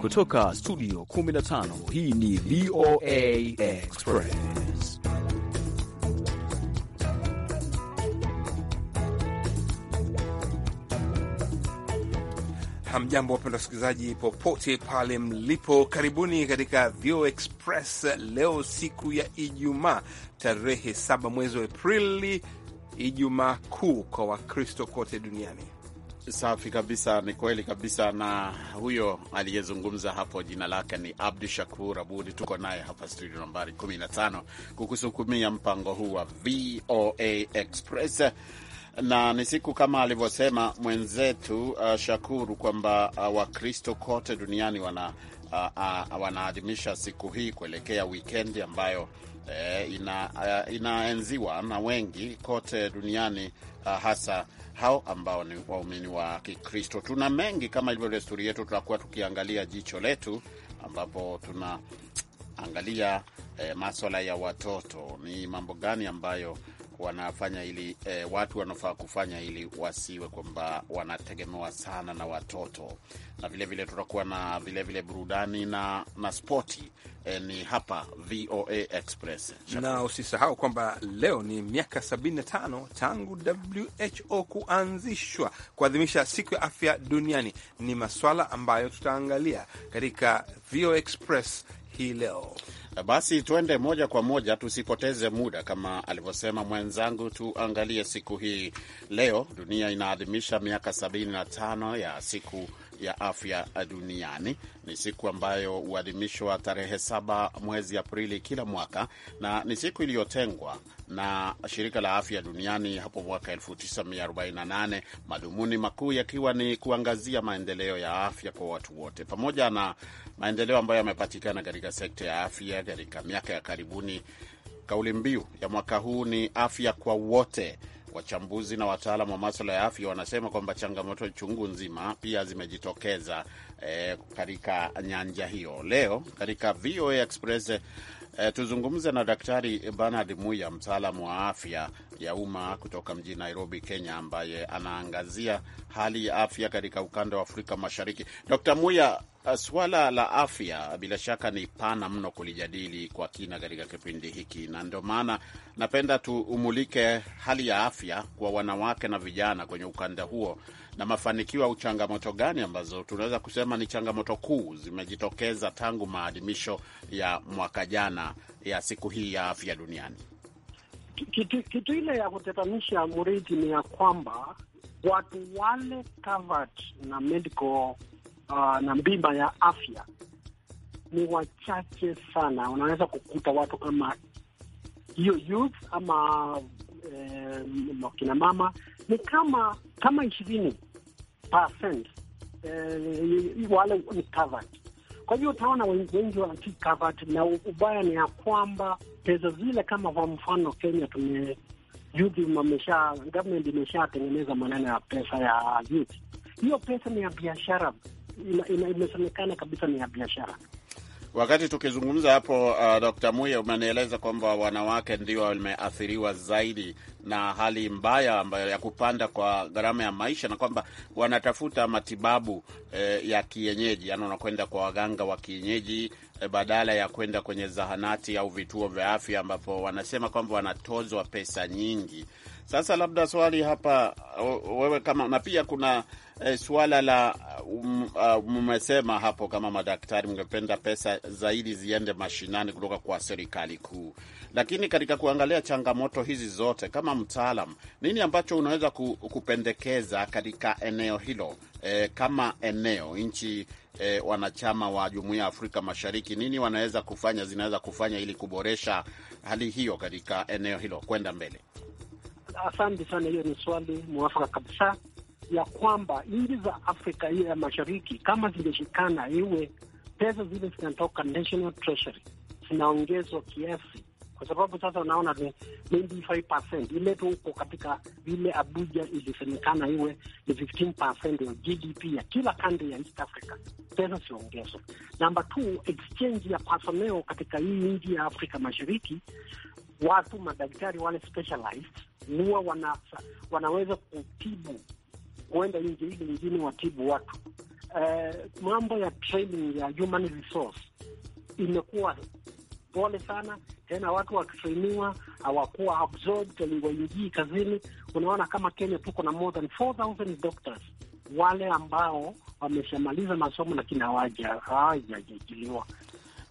Kutoka studio 15 hii ni VOA Express. Hamjambo wapenda wasikilizaji popote pale mlipo, karibuni katika VOA Express leo siku ya Ijumaa tarehe 7 mwezi wa Aprili Ijumaa Kuu kwa Wakristo kote duniani. Safi kabisa, ni kweli kabisa. Na huyo aliyezungumza hapo, jina lake ni Abdu Shakur Abudi. Tuko naye hapa studio nambari 15 kukusukumia mpango huu wa VOA Express, na ni siku kama alivyosema mwenzetu uh, Shakuru kwamba uh, Wakristo kote duniani wana, uh, uh, wanaadhimisha siku hii kuelekea wikendi ambayo eh, ina, uh, inaenziwa na wengi kote duniani uh, hasa hao ambao ni waumini wa Kikristo. Tuna mengi kama ilivyo desturi yetu, tutakuwa tukiangalia jicho letu, ambapo tunaangalia eh, maswala ya watoto. Ni mambo gani ambayo wanafanya ili eh, watu wanafaa kufanya ili wasiwe kwamba wanategemewa sana na watoto. Na vilevile tutakuwa na vilevile burudani na, na spoti eh, ni hapa VOA Express Na usisahau kwamba leo ni miaka 75 tangu WHO kuanzishwa kuadhimisha siku ya afya duniani. Ni maswala ambayo tutaangalia katika VOA Express hii leo. Eh, basi tuende moja kwa moja, tusipoteze muda. Kama alivyosema mwenzangu, tuangalie siku hii leo. Dunia inaadhimisha miaka 75 ya siku ya afya duniani. Ni siku ambayo huadhimishwa tarehe saba mwezi Aprili kila mwaka na ni siku iliyotengwa na shirika la afya duniani hapo mwaka 1948, madhumuni makuu yakiwa ni kuangazia maendeleo ya afya kwa watu wote, pamoja na maendeleo ambayo yamepatikana katika sekta ya afya katika miaka ya karibuni. Kauli mbiu ya mwaka huu ni afya kwa wote. Wachambuzi na wataalam wa maswala ya afya wanasema kwamba changamoto chungu nzima pia zimejitokeza eh, katika nyanja hiyo. Leo katika VOA Express E, tuzungumze na Daktari Bernard Muya, mtaalamu wa afya ya umma kutoka mjini Nairobi, Kenya, ambaye anaangazia hali ya afya katika ukanda wa Afrika Mashariki. Dkt. Muya, eh, suala la afya bila shaka ni pana mno kulijadili kwa kina katika kipindi hiki, na ndio maana napenda tuumulike hali ya afya kwa wanawake na vijana kwenye ukanda huo na mafanikio au changamoto gani ambazo tunaweza kusema ni changamoto kuu zimejitokeza tangu maadhimisho ya mwaka jana ya siku hii ya afya duniani? Kitu, kitu ile ya kutetanisha muriti ni ya kwamba watu wale covered na medical uh, na bima ya afya ni wachache sana. Unaweza kukuta watu kama hiyo youth ama eh, wakina mama ni kama kama ishirini percent eh, wale ni covered. Kwa hiyo utaona wengi waki covered, na ubaya ni ya kwamba pesa zile, kama kwa mfano Kenya tume youth government imeshatengeneza maneno ya pesa ya youth. Hiyo pesa ni ya biashara, imesemekana kabisa ni ya biashara Wakati tukizungumza hapo uh, Dr. Muye umenieleza kwamba wanawake ndio wameathiriwa zaidi na hali mbaya ambayo ya kupanda kwa gharama ya maisha na kwamba wanatafuta matibabu eh, ya kienyeji, yaani wanakwenda kwa waganga wa kienyeji eh, badala ya kwenda kwenye zahanati au vituo vya afya ambapo wanasema kwamba wanatozwa pesa nyingi. Sasa labda swali hapa wewe kama na pia kuna e, eh, suala la mmesema um, uh, hapo kama madaktari mngependa pesa zaidi ziende mashinani kutoka kwa serikali kuu, lakini katika kuangalia changamoto hizi zote, kama mtaalam, nini ambacho unaweza ku, kupendekeza katika eneo hilo e, kama eneo nchi E, wanachama wa Jumuiya ya Afrika Mashariki nini wanaweza kufanya, zinaweza kufanya ili kuboresha hali hiyo katika eneo hilo kwenda mbele? asante sana. Hiyo ni swali mwafaka kabisa, ya kwamba nchi za Afrika hiyo ya mashariki kama zingeshikana, iwe pesa zile zinatoka national treasury zinaongezwa kiasi, kwa sababu sasa unaona ni 95% ile tu huko katika vile Abuja ilisemekana iwe ni 15% ya GDP ya kila kandi ya East Africa, pesa ziongezwa. Namba t exchange ya personnel katika hii nchi ya Afrika mashariki watu madaktari wale specialized huwa wana, wanaweza kutibu kuenda nje ili nyingine watibu watu. Uh, mambo ya training ya human resource imekuwa pole sana tena, watu wakitrainiwa hawakuwa absorbed, waliwaingii kazini. Unaona kama Kenya tuko na more than 4000 doctors wale ambao wameshamaliza masomo lakini hawajajiliwa.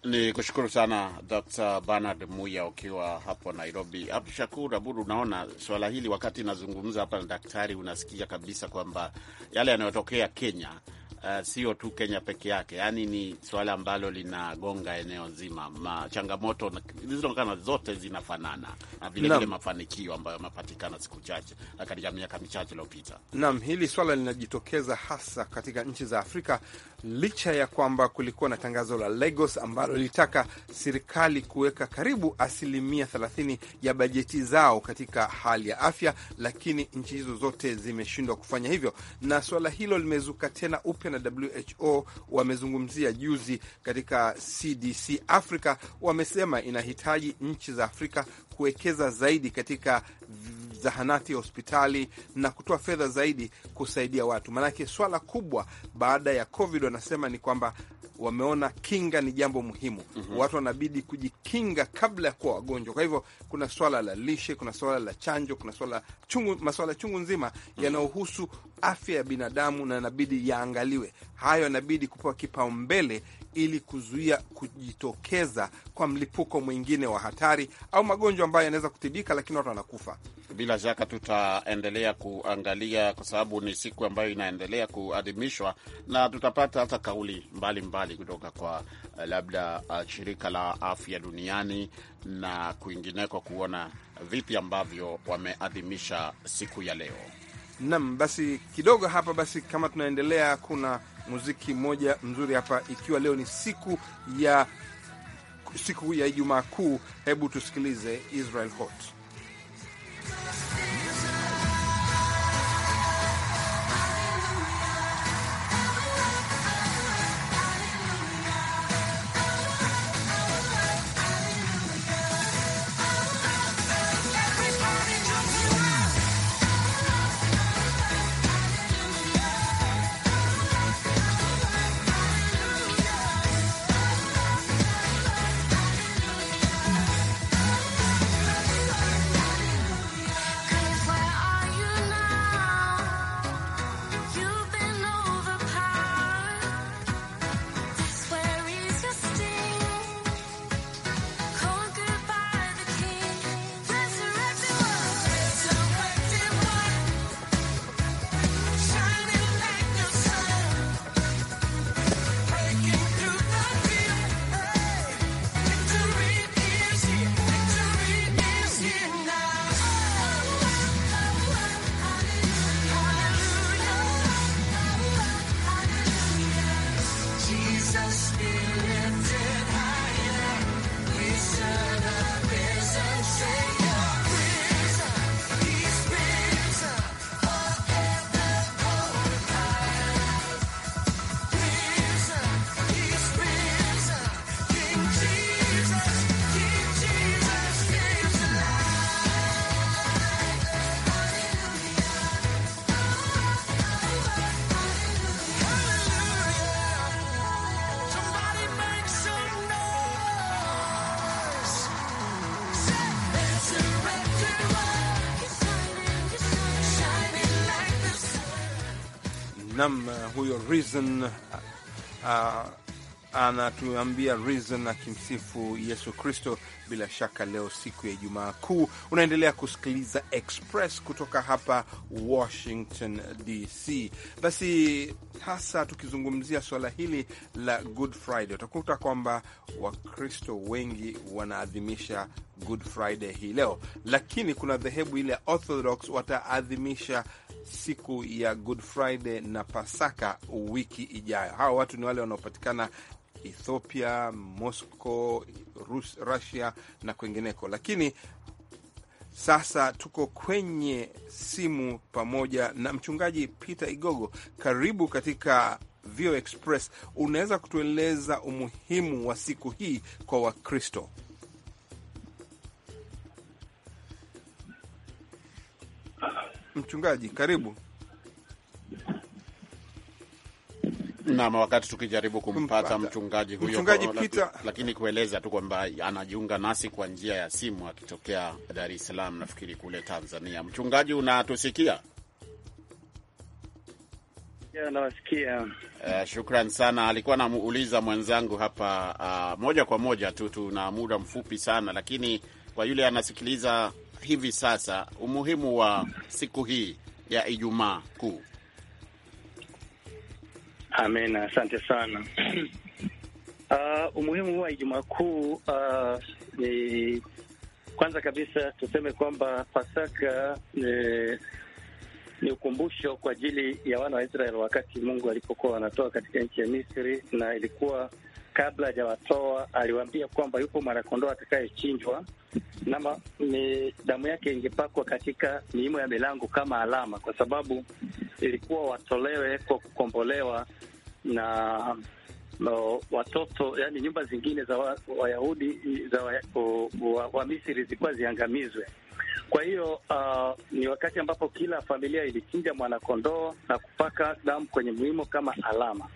Ni kushukuru sana Dr. Bernard Muya ukiwa hapo Nairobi. Abdu Shakur Abud, unaona swala hili wakati inazungumza hapa na daktari, unasikia kabisa kwamba yale yanayotokea Kenya uh, sio tu Kenya peke yake, yaani ni suala ambalo linagonga eneo nzima changamoto zilizotokana zote zinafanana na vilevile mafanikio ambayo yamepatikana siku chache katika miaka michache iliyopita. Naam, hili swala linajitokeza hasa katika nchi za Afrika licha ya kwamba kulikuwa na tangazo la Lagos ambalo lilitaka serikali kuweka karibu asilimia 30 ya bajeti zao katika hali ya afya, lakini nchi hizo zote zimeshindwa kufanya hivyo na swala hilo limezuka tena upya na WHO wamezungumzia juzi katika CDC Africa, wamesema inahitaji nchi za Afrika kuwekeza zaidi katika zahanati ya hospitali na kutoa fedha zaidi kusaidia watu, maanake swala kubwa baada ya COVID wanasema ni kwamba wameona kinga ni jambo muhimu. mm -hmm. Watu wanabidi kujikinga kabla ya kuwa wagonjwa. Kwa hivyo kuna swala la lishe, kuna swala la chanjo, kuna swala chungu, maswala chungu nzima mm -hmm. yanayohusu afya ya binadamu na yanabidi yaangaliwe hayo, yanabidi kupewa kipaumbele ili kuzuia kujitokeza kwa mlipuko mwingine wa hatari au magonjwa ambayo yanaweza kutibika, lakini watu wanakufa. Bila shaka tutaendelea kuangalia, kwa sababu ni siku ambayo inaendelea kuadhimishwa na tutapata hata kauli mbalimbali mbali mbalimbali kutoka kwa eh, labda eh, shirika la afya duniani na kwingineko kuona vipi ambavyo wameadhimisha siku ya leo. Nam, basi kidogo hapa, basi kama tunaendelea, kuna muziki mmoja mzuri hapa, ikiwa leo ni siku ya siku ya Ijumaa Kuu. Hebu tusikilize Israel Hot. huyo Reason uh, uh, anatuambia Reason akimsifu Yesu Kristo. Bila shaka leo siku ya Ijumaa Kuu unaendelea kusikiliza Express kutoka hapa Washington DC. Basi hasa tukizungumzia suala hili la Good Friday, utakuta kwamba Wakristo wengi wanaadhimisha Good Friday hii leo, lakini kuna dhehebu ile ya Orthodox wataadhimisha siku ya Good Friday na Pasaka wiki ijayo. Hawa watu ni wale wanaopatikana Ethiopia, Moscow, rusia Russia na kwengineko, lakini sasa tuko kwenye simu pamoja na mchungaji Peter Igogo. Karibu katika Vio Express. Unaweza kutueleza umuhimu wa siku hii kwa Wakristo? Mchungaji, karibu nam. Wakati tukijaribu kumpata mchungaji huyo, mchungaji lakini kueleza tu kwamba anajiunga nasi kwa njia ya simu akitokea Dar es Salaam, nafikiri kule Tanzania. Mchungaji, unatusikia? Nawasikia. Uh, shukran sana. Alikuwa namuuliza mwenzangu hapa uh, moja kwa moja tu, tuna muda mfupi sana lakini kwa yule anasikiliza hivi sasa, umuhimu wa siku hii ya Ijumaa Kuu? Amen, asante sana. Uh, umuhimu wa Ijumaa Kuu uh, ni kwanza kabisa tuseme kwamba Pasaka ni, ni ukumbusho kwa ajili ya wana wa israel wakati Mungu alipokuwa wanatoka katika nchi ya Misri, na ilikuwa kabla hajawatoa aliwaambia kwamba yupo mwanakondoo atakayechinjwa, nama ni damu yake ingepakwa katika miimo ya milango kama alama, kwa sababu ilikuwa watolewe kwa kukombolewa na no, watoto yani nyumba zingine za Wayahudi wa za Wamisri wa, wa zilikuwa ziangamizwe. Kwa hiyo uh, ni wakati ambapo kila familia ilichinja mwanakondoo na kupaka damu kwenye muhimo kama alama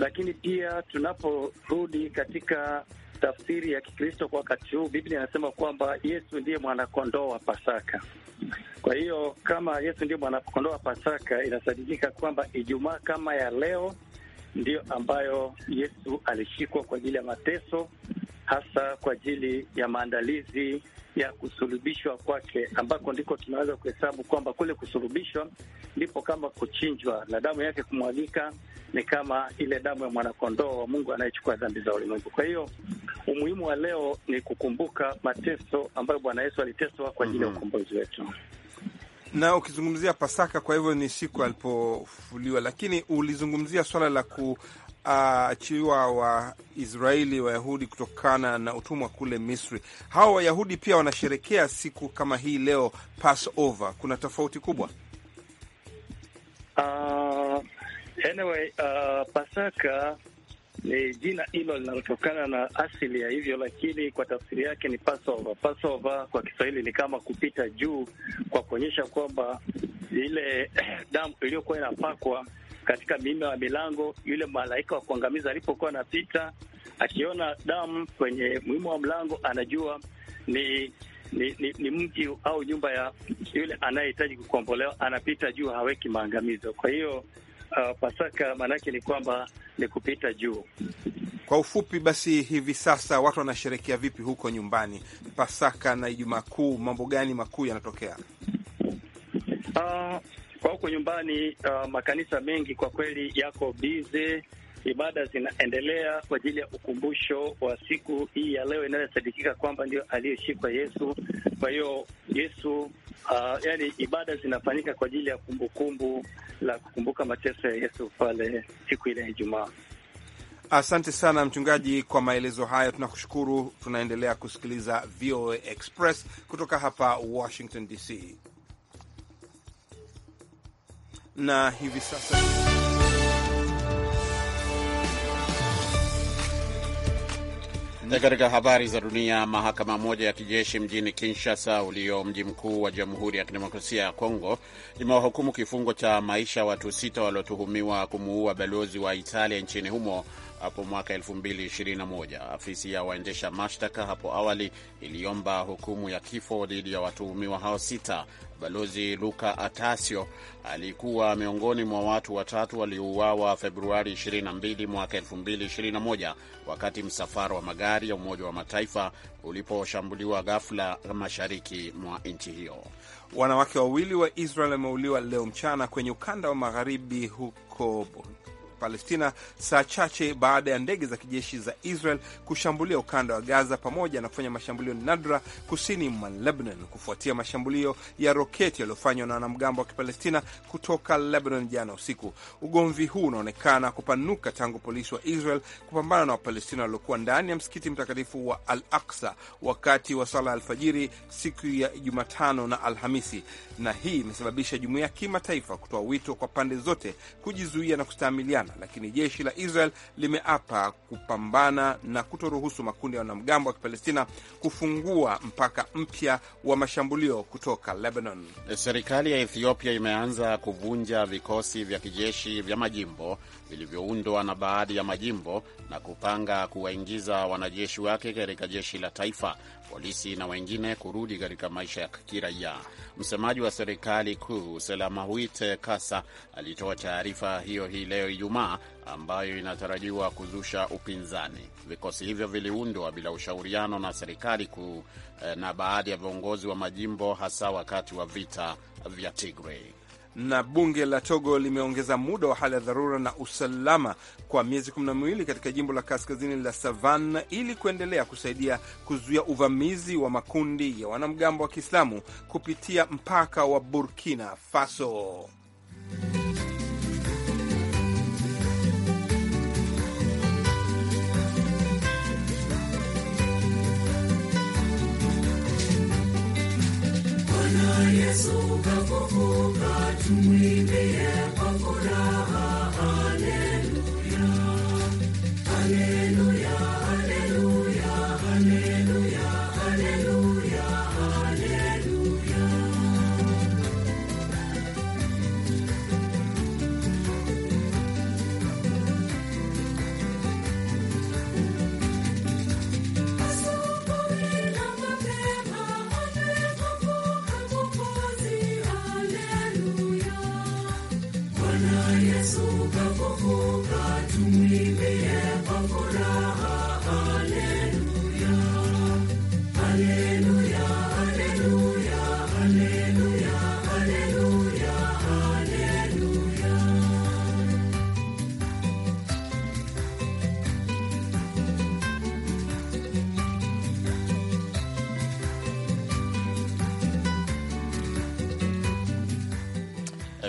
lakini pia tunaporudi katika tafsiri ya Kikristo kwa wakati huu, Biblia inasema kwamba Yesu ndiye mwanakondoo wa Pasaka. Kwa hiyo kama Yesu ndiye mwanakondoo wa Pasaka, inasadikika kwamba Ijumaa kama ya leo ndiyo ambayo Yesu alishikwa kwa ajili ya mateso, hasa kwa ajili ya maandalizi ya kusulubishwa kwake, ambako ndiko tunaweza kuhesabu kwamba kule kusulubishwa ndipo kama kuchinjwa na damu yake kumwagika ni kama ile damu ya mwanakondoo wa Mungu anayechukua dhambi za ulimwengu. Kwa hiyo umuhimu wa leo ni kukumbuka mateso ambayo Bwana Yesu aliteswa kwa ajili ya mm -hmm. ukombozi wetu na ukizungumzia Pasaka, kwa hivyo ni siku alipofufuliwa, lakini ulizungumzia swala la ku aachiwa Waisraeli Wayahudi kutokana na utumwa kule Misri. Hawa Wayahudi pia wanasherekea siku kama hii leo Passover. Kuna tofauti kubwa uh, anyway, uh, Pasaka ni jina hilo linalotokana na asili ya hivyo, lakini kwa tafsiri yake ni Passover. Passover kwa Kiswahili ni kama kupita juu, kwa kuonyesha kwamba ile damu iliyokuwa inapakwa katika milima ya milango. Yule malaika wa kuangamiza alipokuwa anapita, akiona damu kwenye mwimo wa mlango, anajua ni ni, ni, ni mji au nyumba ya yule anayehitaji kukombolewa. Anapita juu, haweki maangamizo. Kwa hiyo uh, Pasaka maanake ni kwamba ni kupita juu. Kwa ufupi basi, hivi sasa watu wanasherehekea vipi huko nyumbani Pasaka na Ijumaa Kuu? Mambo gani makuu yanatokea? Uh, kwa huko nyumbani. Uh, makanisa mengi kwa kweli yako bize, ibada zinaendelea kwa ajili ya ukumbusho wa siku hii ya leo inayosadikika kwamba ndio aliyeshikwa Yesu. Kwa hiyo Yesu, uh, yani ibada zinafanyika kwa ajili ya kumbukumbu la kukumbuka mateso ya Yesu pale siku ile ya Ijumaa. Asante sana mchungaji, kwa maelezo hayo, tunakushukuru. Tunaendelea kusikiliza VOA Express kutoka hapa Washington DC na hivi sasa Katika habari za dunia, mahakama moja ya kijeshi mjini Kinshasa, ulio mji mkuu wa Jamhuri ya Kidemokrasia ya Kongo, imewahukumu kifungo cha maisha watu sita waliotuhumiwa kumuua balozi wa Italia nchini humo hapo mwaka 2021. Afisi ya waendesha mashtaka hapo awali iliomba hukumu ya kifo dhidi ya watuhumiwa hao sita Balozi Luka Atasio alikuwa miongoni mwa watu watatu waliouawa Februari 22 mwaka 2021 wakati msafara wa magari ya Umoja wa Mataifa uliposhambuliwa ghafla mashariki mwa nchi hiyo. Wanawake wawili wa Israel wameuliwa leo mchana kwenye ukanda wa magharibi huko Palestina saa chache baada ya ndege za kijeshi za Israel kushambulia ukanda wa Gaza pamoja na kufanya mashambulio nadra kusini mwa Lebanon kufuatia mashambulio ya roketi yaliyofanywa na wanamgambo wa Kipalestina kutoka Lebanon jana usiku. Ugomvi huu unaonekana kupanuka tangu polisi wa Israel kupambana na Wapalestina waliokuwa ndani ya msikiti mtakatifu wa Al Aksa wakati wa sala ya alfajiri siku ya Jumatano na Alhamisi, na hii imesababisha jumuiya ya kimataifa kutoa wito kwa pande zote kujizuia na kustaamiliana sana, lakini jeshi la Israel limeapa kupambana na kutoruhusu makundi ya wanamgambo wa Kipalestina kufungua mpaka mpya wa mashambulio kutoka Lebanon. Serikali ya Ethiopia imeanza kuvunja vikosi vya kijeshi vya majimbo vilivyoundwa na baadhi ya majimbo na kupanga kuwaingiza wanajeshi wake katika jeshi la taifa, polisi na wengine kurudi katika maisha ya kiraia. Msemaji wa serikali kuu Selamahuite Kasa alitoa taarifa hiyo hii leo Ijumaa Ijumaa ambayo inatarajiwa kuzusha upinzani. Vikosi hivyo viliundwa bila ushauriano na serikali kuu eh, na baadhi ya viongozi wa majimbo, hasa wakati wa vita vya Tigray na bunge la Togo limeongeza muda wa hali ya dharura na usalama kwa miezi kumi na miwili katika jimbo la kaskazini la savan ili kuendelea kusaidia kuzuia uvamizi wa makundi ya wanamgambo wa Kiislamu kupitia mpaka wa Burkina Faso. Bwana Yesu kafufuka, tumwimbie.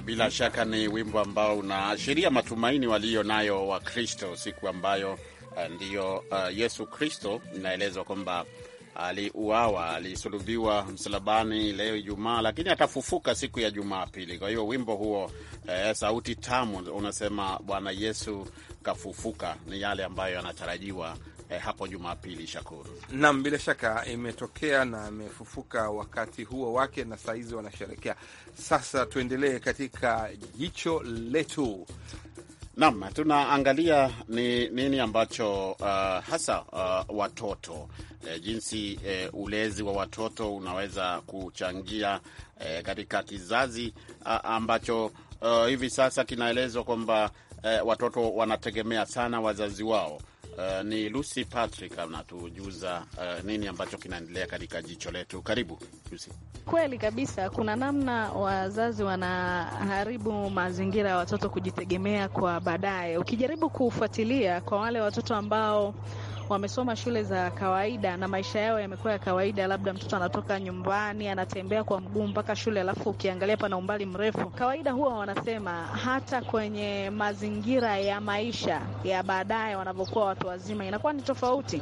Eh, bila shaka ni wimbo ambao unaashiria matumaini walio nayo Wakristo, siku ambayo eh, ndiyo uh, Yesu Kristo inaelezwa kwamba aliuawa, alisulubiwa msalabani leo Ijumaa, lakini atafufuka siku ya Jumapili. Kwa hiyo wimbo huo eh, sauti tamu unasema Bwana Yesu kafufuka, ni yale ambayo yanatarajiwa eh, hapo Jumapili. Shakuru nam, bila shaka imetokea na amefufuka wakati huo wake, na sahizi wanasherekea. Sasa tuendelee katika jicho letu. Nam, tunaangalia ni nini ambacho uh, hasa uh, watoto eh, jinsi eh, ulezi wa watoto unaweza kuchangia eh, katika kizazi ah, ambacho uh, hivi sasa kinaelezwa kwamba eh, watoto wanategemea sana wazazi wao Uh, ni Lucy Patrick anatujuza uh, nini ambacho kinaendelea katika jicho letu. Karibu Lucy. Kweli kabisa, kuna namna wazazi wanaharibu mazingira ya watoto kujitegemea kwa baadaye. Ukijaribu kufuatilia kwa wale watoto ambao wamesoma shule za kawaida na maisha yao yamekuwa ya kawaida, labda mtoto anatoka nyumbani anatembea kwa mguu mpaka shule, alafu ukiangalia pana umbali mrefu. Kawaida huwa wanasema hata kwenye mazingira ya maisha ya baadaye wanavyokuwa watu wazima inakuwa ni tofauti.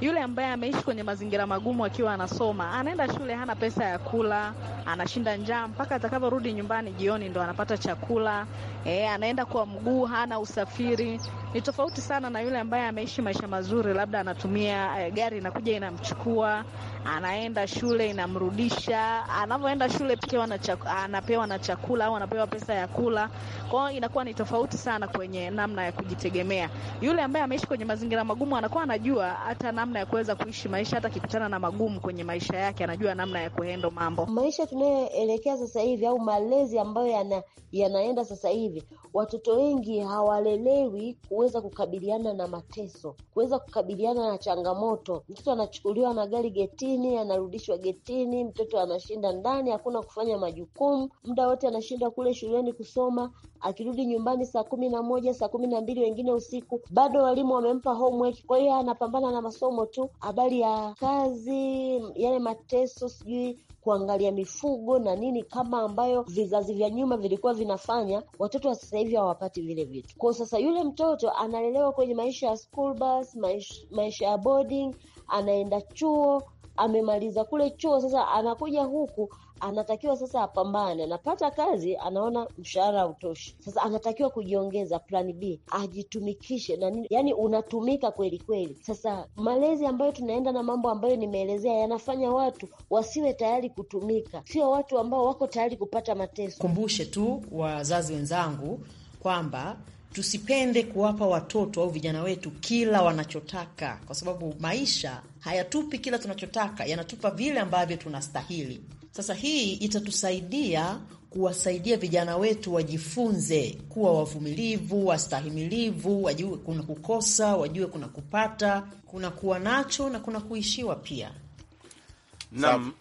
Yule ambaye ameishi kwenye mazingira magumu akiwa anasoma, anaenda shule, hana pesa ya kula, anashinda njaa mpaka atakavyorudi nyumbani jioni, ndo anapata chakula. E, anaenda kwa mguu, hana usafiri. Ni tofauti sana na yule ambaye ameishi maisha mazuri labda anatumia eh, gari inakuja inamchukua anaenda shule inamrudisha, anavyoenda shule pia anapewa na chakula au anapewa pesa ya kula. Kwa hiyo inakuwa ni tofauti sana kwenye namna ya kujitegemea. Yule ambaye ameishi kwenye mazingira magumu anakuwa anajua hata namna ya kuweza kuishi maisha, hata akikutana na magumu kwenye maisha yake anajua namna ya kuhendo mambo. Maisha tunayoelekea sasa hivi au malezi ambayo yana, yanaenda sasa hivi, watoto wengi hawalelewi kuweza kukabiliana na mateso, kuweza kukabiliana na changamoto. Mtoto anachukuliwa na gari geti getini, anarudishwa getini, mtoto anashinda ndani, hakuna kufanya majukumu, muda wote anashinda kule shuleni kusoma, akirudi nyumbani saa kumi na moja saa kumi na mbili wengine usiku, bado walimu wamempa homework. Kwa hiyo anapambana na masomo tu. Habari ya kazi, yale mateso, sijui kuangalia mifugo na nini, kama ambayo vizazi vya nyuma vilikuwa vinafanya, watoto wa sasa hivi hawapati vile vitu. kwao. sasa yule mtoto analelewa kwenye maisha ya school bus, maisha, maisha ya boarding, anaenda chuo amemaliza kule chuo, sasa anakuja huku anatakiwa sasa apambane, anapata kazi, anaona mshahara hautoshi, sasa anatakiwa kujiongeza plan B, ajitumikishe na nini, yani unatumika kweli kweli. Sasa malezi ambayo tunaenda na mambo ambayo nimeelezea yanafanya watu wasiwe tayari kutumika, sio watu ambao wako tayari kupata mateso. Kumbushe tu wazazi wenzangu kwamba Tusipende kuwapa watoto au vijana wetu kila wanachotaka, kwa sababu maisha hayatupi kila tunachotaka, yanatupa vile ambavyo tunastahili. Sasa hii itatusaidia kuwasaidia vijana wetu wajifunze kuwa wavumilivu, wastahimilivu, wajue kuna kukosa, wajue kuna kupata, kuna kuwa nacho na kuna kuishiwa pia. Naam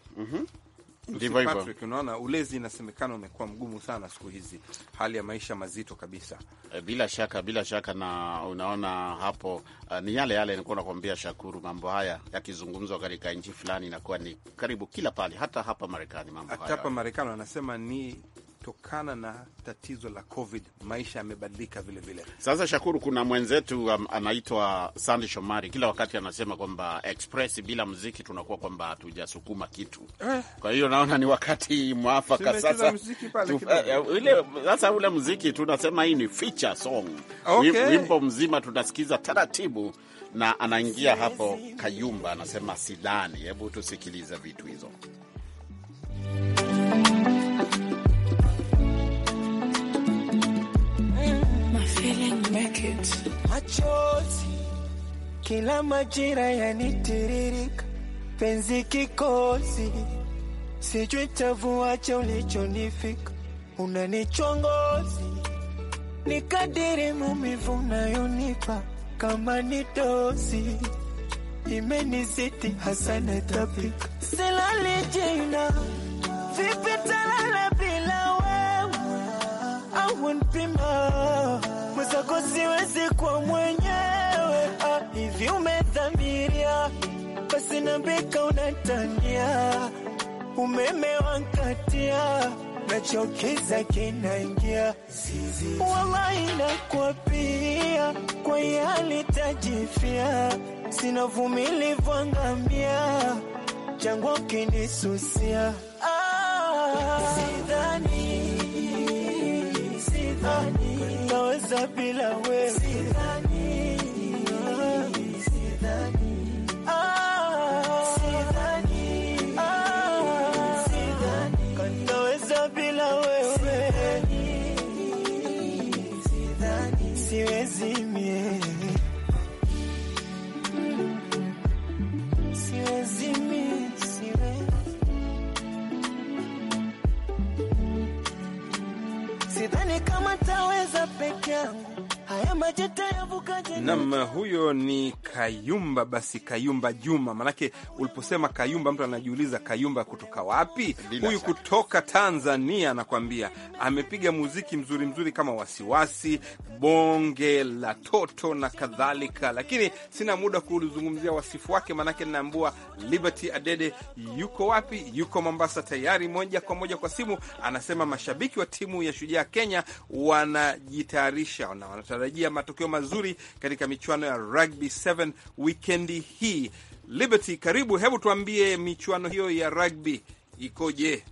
ndivyo Patrick, unaona ulezi inasemekana umekuwa mgumu sana siku hizi, hali ya maisha mazito kabisa. Eh, bila shaka, bila shaka, na unaona hapo uh, ni yale yale nilikuwa nakwambia Shakuru, mambo haya yakizungumzwa katika nchi fulani inakuwa ni karibu kila pale, hata hapa Marekani mambo haya, hata hapa Marekani wanasema ni kutokana na tatizo la COVID, maisha yamebadilika vilevile. Sasa Shakuru, kuna mwenzetu um, anaitwa Sandi Shomari, kila wakati anasema kwamba express bila mziki tunakuwa kwamba hatujasukuma kitu eh. Kwa hiyo naona ni wakati mwafaka sasa eh, eh, ile sasa ule mziki tunasema hii ni feature song okay. Wimbo mzima tunasikiza taratibu na anaingia hapo Kayumba anasema sidani. Hebu tusikilize vitu hizo market. Machozi kila majira yanitiririka, penzi kikozi sijui tavuacha ulichonifika, unanichongozi nikadiri maumivu unayonipa kama ni dozi imenizidi hasa natapika, silali jina vipi talalabi unpima mwenzako, siwezi kwa mwenyewe. Ah, hivi umedhamiria? Basi nambika, unatania umeme wankatia nachokiza kinaingia, wallahi nakwapia, kwa hali tajifia, sina vumili angamia, jangwa kinisusia ah. kuwa bila wewe sidhani, sidhani, sidhani, sidhani kantaweza bila wewe, siwezi mie I'll be down. Nam, huyo ni Kayumba. Basi Kayumba Juma, manake uliposema Kayumba mtu anajiuliza Kayumba kutoka wapi? huyu Kutoka Tanzania, anakwambia amepiga muziki mzuri mzuri kama wasiwasi, bonge la toto na kadhalika, lakini sina muda kuzungumzia wasifu wake, manake naambua Liberty Adede yuko wapi? Yuko Mombasa tayari, moja kwa moja kwa simu. Anasema mashabiki wa timu ya Shujaa Kenya wanajitayarisha na wanatarajia kutarajia matokeo mazuri katika michuano ya Rugby 7 wikendi hii. Liberty, karibu, hebu tuambie michuano hiyo ya rugby ikoje?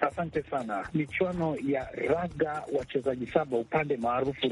Asante sana. Michuano ya raga wachezaji saba upande maarufu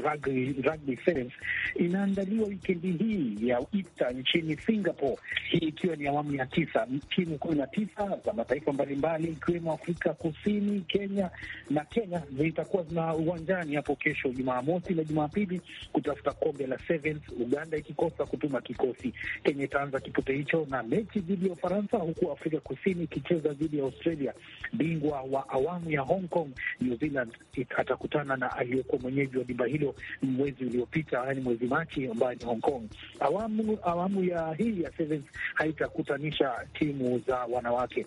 rugby sevens inaandaliwa wikendi hii ya Easter nchini Singapore, hii ikiwa ni awamu ya tisa. Timu kumi na tisa za mataifa mbalimbali ikiwemo Afrika Kusini, Kenya na Kenya zitakuwa zina uwanjani hapo kesho Jumamosi na Jumapili kutafuta kombe la Sevens, Uganda ikikosa kutuma kikosi. Kenya itaanza kipute hicho na mechi dhidi ya Ufaransa, huku Afrika Kusini ikicheza dhidi ya Australia. Bingwa wa awamu ya Hong Kong, New Zealand atakutana na aliyekuwa mwenyeji wa dimba hilo mwezi uliopita, yani mwezi Machi ambayo ni Hong Kong. Awamu awamu ya hii ya sevens haitakutanisha timu za wanawake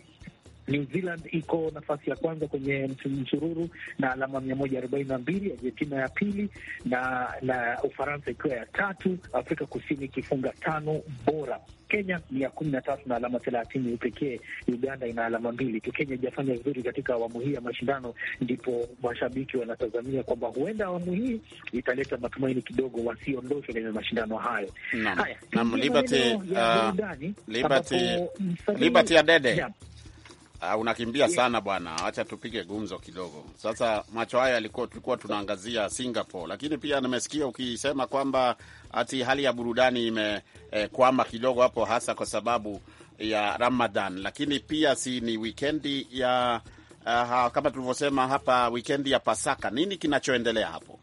New Zealand iko nafasi ya kwanza kwenye msururu na alama mia moja arobaini na mbili Argentina ya pili na, na Ufaransa ikiwa ya tatu, Afrika Kusini ikifunga tano bora. Kenya ni ya kumi na tatu na alama thelathini pekee. Uganda ina alama mbili tu. Kenya ijafanya vizuri katika awamu hii ya mashindano, ndipo mashabiki wanatazamia kwamba huenda awamu hii italeta matumaini kidogo, wasiondoshwe kwenye mashindano hayo. Haya, Liberty Uh, unakimbia sana bwana, acha tupige gumzo kidogo. Sasa macho haya yalikuwa tulikuwa tunaangazia Singapore, lakini pia nimesikia ukisema kwamba ati hali ya burudani imekwama eh, kidogo hapo, hasa kwa sababu ya Ramadan, lakini pia si ni wikendi ya uh, kama tulivyosema hapa, wikendi ya Pasaka. Nini kinachoendelea hapo?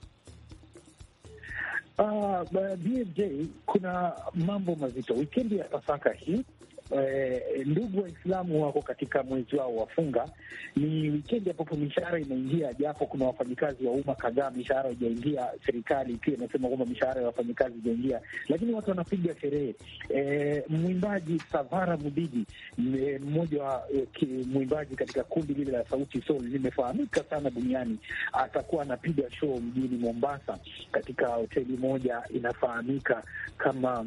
Uh, kuna mambo mazito wikendi ya Pasaka hii eh, ndugu Waislamu wako katika mwezi wao wafunga. Ni wikendi ambapo mishahara inaingia, japo kuna wafanyikazi wa umma kadhaa mishahara haijaingia. Serikali pia inasema kwamba mishahara ya wafanyikazi haijaingia, lakini watu wanapiga sherehe. Eh, mwimbaji Savara Mudigi, eh, mmoja wa eh, mwimbaji katika kundi lile la Sauti Sol limefahamika sana duniani, atakuwa anapiga show mjini Mombasa katika hoteli moja inafahamika kama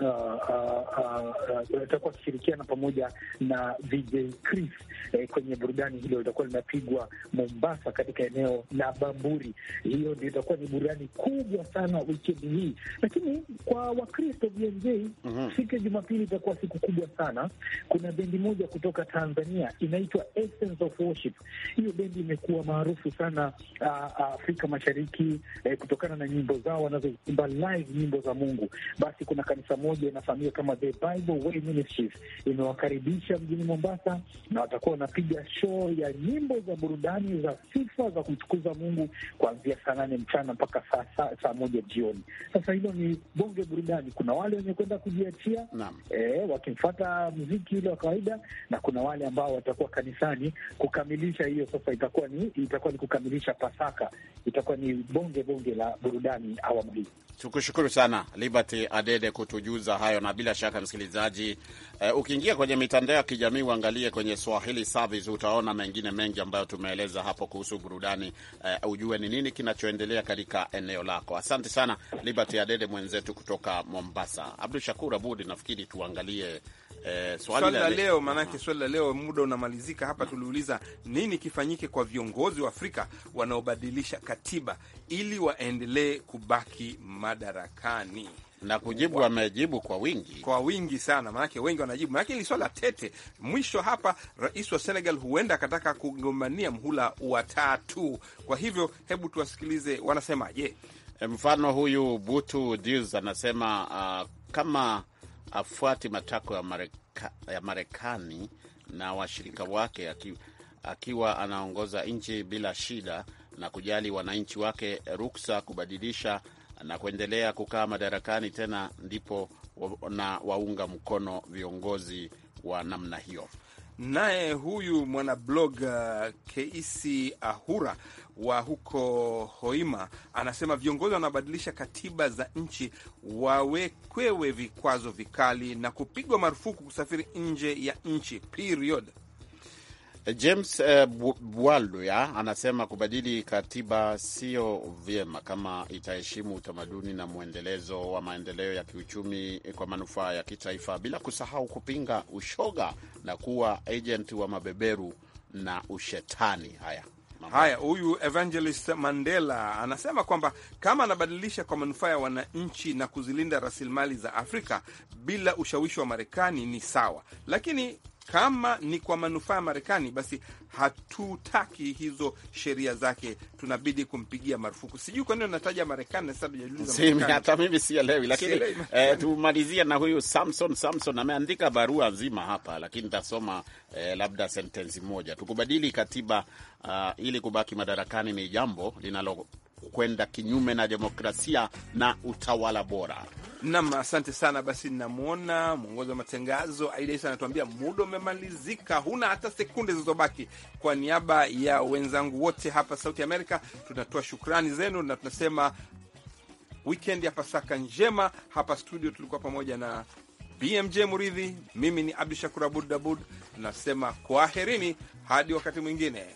uh, uh, watakuwa uh, uh, wakishirikiana pamoja na VJ Chris eh, kwenye burudani hilo litakuwa linapigwa Mombasa katika eneo la Bamburi. Hiyo ndio itakuwa ni burudani kubwa sana wikendi hii, lakini kwa Wakristo VMJ mm -hmm. siku ya Jumapili itakuwa siku kubwa sana. Kuna bendi moja kutoka Tanzania inaitwa Essence of Worship. Hiyo bendi imekuwa maarufu sana uh, uh Afrika Mashariki eh, kutokana na nyimbo zao wanazoimba live, nyimbo za Mungu. Basi kuna kanisa moja pamoja inafahamika kama The Bible Way Ministries imewakaribisha mjini Mombasa, na watakuwa wanapiga shoo ya nyimbo za burudani za sifa za kumtukuza Mungu kuanzia saa nane mchana mpaka saa, sa, sa, sa moja jioni. Sasa hilo ni bonge burudani. Kuna wale wenye kwenda kujiachia e, eh, wakimfata mziki ule wa kawaida, na kuna wale ambao watakuwa kanisani kukamilisha hiyo. Sasa itakuwa ni itakuwa ni kukamilisha Pasaka, itakuwa ni bonge bonge la burudani awamu hii. Tukushukuru sana Liberty Adede kutujuza kuguza hayo, na bila shaka msikilizaji, uh, ukiingia kwenye mitandao ya kijamii uangalie kwenye Swahili Service, utaona mengine mengi ambayo tumeeleza hapo kuhusu burudani, uh, ujue ni nini kinachoendelea katika eneo lako. Asante sana Liberty Adede mwenzetu kutoka Mombasa. Abdu Shakur Abud, nafikiri tuangalie Eh, swali la leo maanake, swali la leo muda unamalizika hapa. Tuliuliza nini kifanyike kwa viongozi wa Afrika wanaobadilisha katiba ili waendelee kubaki madarakani na kujibu, amejibu kwa wingi, kwa wingi sana, maanake wengi wanajibu, maanake ili swala tete. Mwisho hapa, rais wa Senegal huenda akataka kugombania mhula wa tatu. Kwa hivyo, hebu tuwasikilize wanasemaje. E, mfano huyu Butu Diz anasema uh, kama afuati matakwa ya Mareka, ya Marekani na washirika wake aki, akiwa anaongoza nchi bila shida na kujali wananchi wake, ruksa kubadilisha na kuendelea kukaa madarakani tena, ndipo na waunga mkono viongozi wa namna hiyo. Naye huyu mwanablog uh, Keisi Ahura wa huko Hoima anasema viongozi wanaobadilisha katiba za nchi wawekwewe vikwazo vikali na kupigwa marufuku kusafiri nje ya nchi period. Eh, James eh, Bwalya anasema kubadili katiba sio vyema kama itaheshimu utamaduni na mwendelezo wa maendeleo ya kiuchumi kwa manufaa ya kitaifa, bila kusahau kupinga ushoga na kuwa ajenti wa mabeberu na ushetani. Haya mama. Haya, huyu Evangelist Mandela anasema kwamba kama anabadilisha kwa manufaa ya wananchi na kuzilinda rasilimali za Afrika bila ushawishi wa Marekani ni sawa, lakini kama ni kwa manufaa ya Marekani, basi hatutaki hizo sheria zake, tunabidi kumpigia marufuku. Sijui kwa nini Marekani, hata mimi sielewi, lakini eh, tumalizie na huyu Samson. Samson ameandika barua nzima hapa, lakini tasoma eh, labda sentensi moja tukubadili katiba uh, ili kubaki madarakani ni jambo linalo kwenda kinyume na demokrasia na utawala bora. Nam, asante sana. Basi namwona mwongozi wa matangazo Aida Isa anatuambia muda umemalizika, huna hata sekunde zilizobaki. Kwa niaba ya wenzangu wote hapa Sauti Amerika, tunatoa shukrani zenu na tunasema wikendi ya Pasaka njema. Hapa studio tulikuwa pamoja na BMJ Muridhi, mimi ni Abdu Shakur Abud Abud, tunasema kwaherini hadi wakati mwingine.